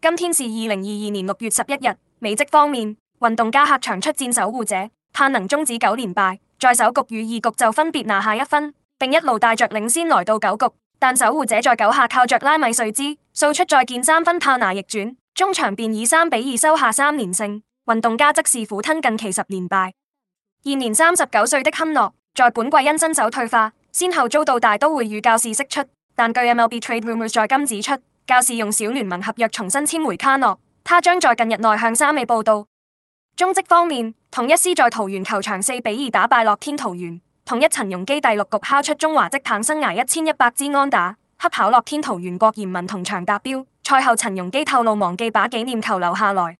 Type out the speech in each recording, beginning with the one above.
今天是二零二二年六月十一日。美職方面，運動家客場出戰守護者，盼能終止九連敗。在首局與二局就分別拿下一分，並一路帶着領先來到九局，但守護者在九下靠着拉米瑞茲掃出再見三分炮拿逆轉，中場便以三比二收下三連勝。運動家則是苦吞近期十連敗。現年三十九歲的坎諾，在本季因身手退化，先後遭到大都會與教士釋出，但據 MLB Trade Rumors 在今指出。教士用小聯盟合約重新簽回卡諾，他將在近日內向三美報道。中職方面，統一獅在桃園球場四比二打敗樂天桃猿，統一陳鏞基第六局敲出中華職棒生涯一千一百支安打，恰巧樂天桃猿郭嚴文同場達標。賽後陳鏞基透露忘記把紀念球留下來。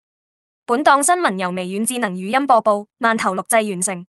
本檔新聞由微軟智能語音播報，慢投錄製完成。